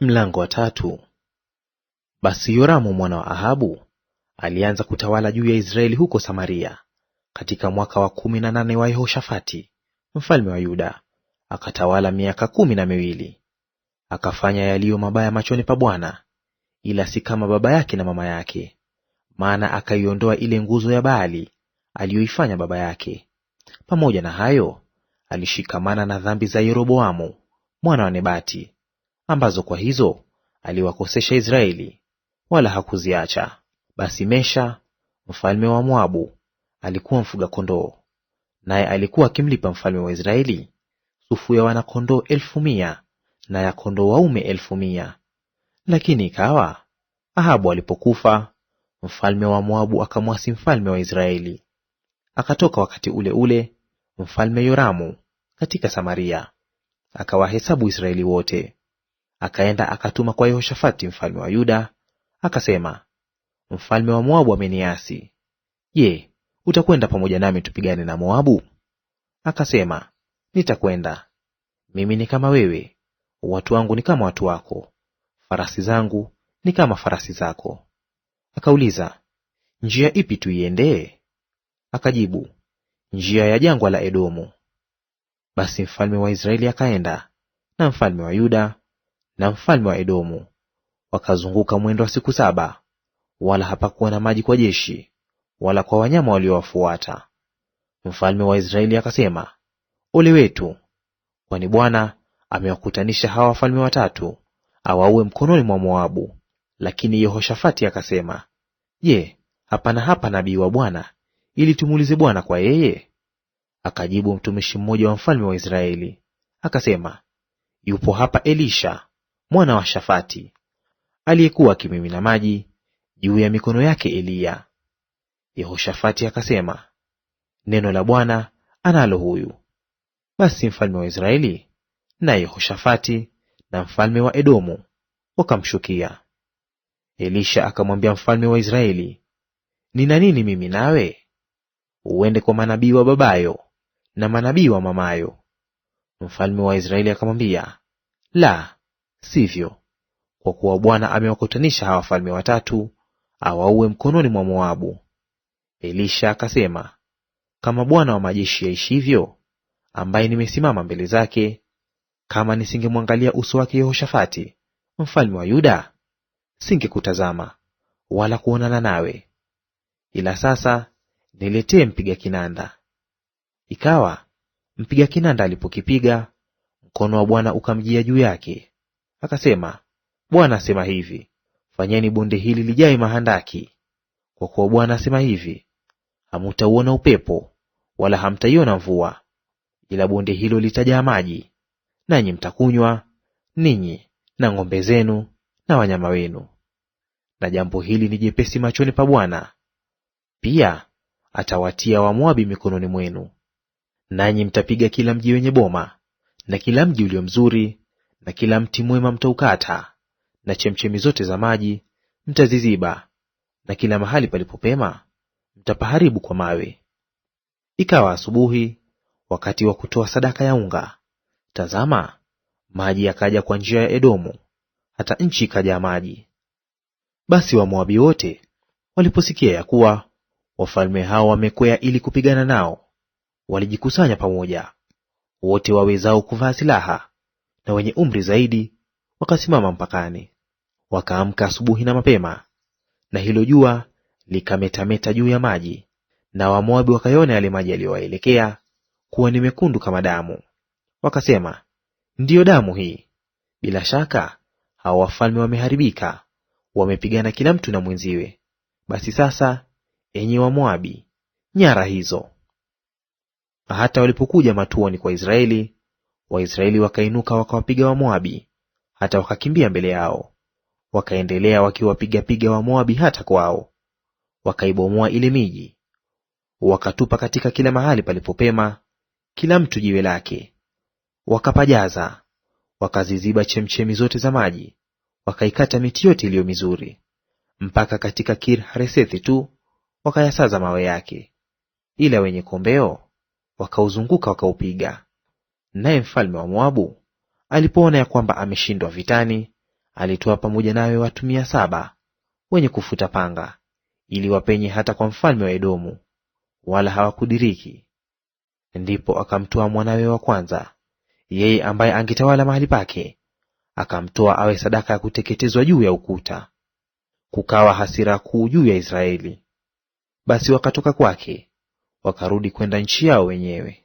Mlango wa tatu. Basi Yoramu mwana wa Ahabu alianza kutawala juu ya Israeli huko Samaria katika mwaka wa kumi na nane wa Yehoshafati mfalme wa Yuda, akatawala miaka kumi na miwili. Akafanya yaliyo mabaya machoni pa Bwana, ila si kama baba yake na mama yake, maana akaiondoa ile nguzo ya Baali aliyoifanya baba yake. Pamoja na hayo, alishikamana na dhambi za Yeroboamu mwana wa Nebati ambazo kwa hizo aliwakosesha Israeli, wala hakuziacha. Basi Mesha mfalme wa Moabu alikuwa mfuga kondoo, naye alikuwa akimlipa mfalme wa Israeli sufu ya wanakondoo elfu mia na ya kondoo waume elfu mia. Lakini ikawa Ahabu alipokufa, mfalme wa Moabu akamwasi mfalme wa Israeli. Akatoka wakati ule ule mfalme Yoramu katika Samaria, akawahesabu Israeli wote akaenda akatuma kwa Yehoshafati mfalme wa Yuda, akasema, mfalme wa Moabu ameniasi. Je, utakwenda pamoja nami tupigane na Moabu? Akasema, nitakwenda. Mimi ni kama wewe, watu wangu ni kama watu wako, farasi zangu ni kama farasi zako. Akauliza, njia ipi tuiendee? Akajibu, njia ya jangwa la Edomu. Basi mfalme wa Israeli akaenda na mfalme wa Yuda na mfalme wa Edomu, wakazunguka mwendo wa siku saba, wala hapakuwa na maji kwa jeshi wala kwa wanyama waliowafuata. Mfalme wa Israeli akasema, ole wetu, kwani Bwana amewakutanisha hawa wafalme watatu awaue mkononi mwa Moabu. Lakini Yehoshafati akasema, Je, hapana hapa nabii wa Bwana ili tumuulize Bwana kwa yeye? Akajibu mtumishi mmoja wa mfalme wa Israeli akasema, yupo hapa Elisha mwana wa Shafati, aliyekuwa akimimina maji juu ya mikono yake Eliya. Yehoshafati akasema, neno la Bwana analo huyu. Basi mfalme wa Israeli na Yehoshafati na mfalme wa Edomu wakamshukia. Elisha akamwambia mfalme wa Israeli, nina nini mimi nawe? Uende kwa manabii wa babayo na manabii wa mamayo. Mfalme wa Israeli akamwambia, la, sivyo, kwa kuwa Bwana amewakutanisha hawa wafalme watatu awaue mkononi mwa Moabu. Elisha akasema, kama Bwana wa majeshi yaishivyo, ambaye nimesimama mbele zake, kama nisingemwangalia uso wake Yehoshafati mfalme wa Yuda, singekutazama wala kuonana nawe; ila sasa niletee mpiga kinanda. Ikawa mpiga kinanda alipokipiga, mkono wa Bwana ukamjia juu yake, Akasema, Bwana asema hivi, fanyeni bonde hili lijae mahandaki. Kwa kuwa Bwana asema hivi, hamutauona upepo wala hamtaiona mvua, ila bonde hilo litajaa maji, nanyi mtakunywa ninyi na ng'ombe zenu na wanyama wenu. Na jambo hili ni jepesi machoni pa Bwana. Pia atawatia Wamoabi mikononi mwenu, nanyi mtapiga kila mji wenye boma na kila mji ulio mzuri na kila mti mwema mtaukata, na chemchemi zote za maji mtaziziba, na kila mahali palipopema mtapaharibu kwa mawe. Ikawa asubuhi, wakati wa kutoa sadaka ya unga, tazama, maji yakaja kwa njia ya Edomu, hata nchi ikajaa maji. Basi Wamoabi wote waliposikia ya kuwa wafalme hao wamekwea ili kupigana nao, walijikusanya pamoja, wote wawezao kuvaa silaha na wenye umri zaidi wakasimama mpakani. Wakaamka asubuhi na mapema, na hilo jua likametameta juu ya maji, na Wamoabi wakayona yale maji yaliyowaelekea kuwa ni mekundu kama damu. Wakasema, ndiyo damu hii; bila shaka hao wafalme wameharibika, wamepigana kila mtu na mwenziwe. Basi sasa, enyi Wamoabi, nyara hizo! Hata walipokuja matuoni kwa Israeli Waisraeli wakainuka wakawapiga Wamoabi, hata wakakimbia mbele yao. Wakaendelea wakiwapigapiga Wamoabi hata kwao, wakaibomoa ile miji, wakatupa katika kila mahali palipopema kila mtu jiwe lake. Wakapajaza, wakaziziba chemchemi zote za maji, wakaikata miti yote iliyo mizuri, mpaka katika Kir Haresethi tu wakayasaza mawe yake, ila wenye kombeo wakauzunguka wakaupiga. Naye mfalme wa Moabu alipoona ya kwamba ameshindwa vitani, alitoa pamoja nawe watu mia saba wenye kufuta panga, ili wapenye hata kwa mfalme wa Edomu, wala hawakudiriki. Ndipo akamtoa mwanawe wa kwanza, yeye ambaye angetawala mahali pake, akamtoa awe sadaka ya kuteketezwa juu ya ukuta. Kukawa hasira kuu juu ya Israeli. Basi wakatoka kwake, wakarudi kwenda nchi yao wenyewe.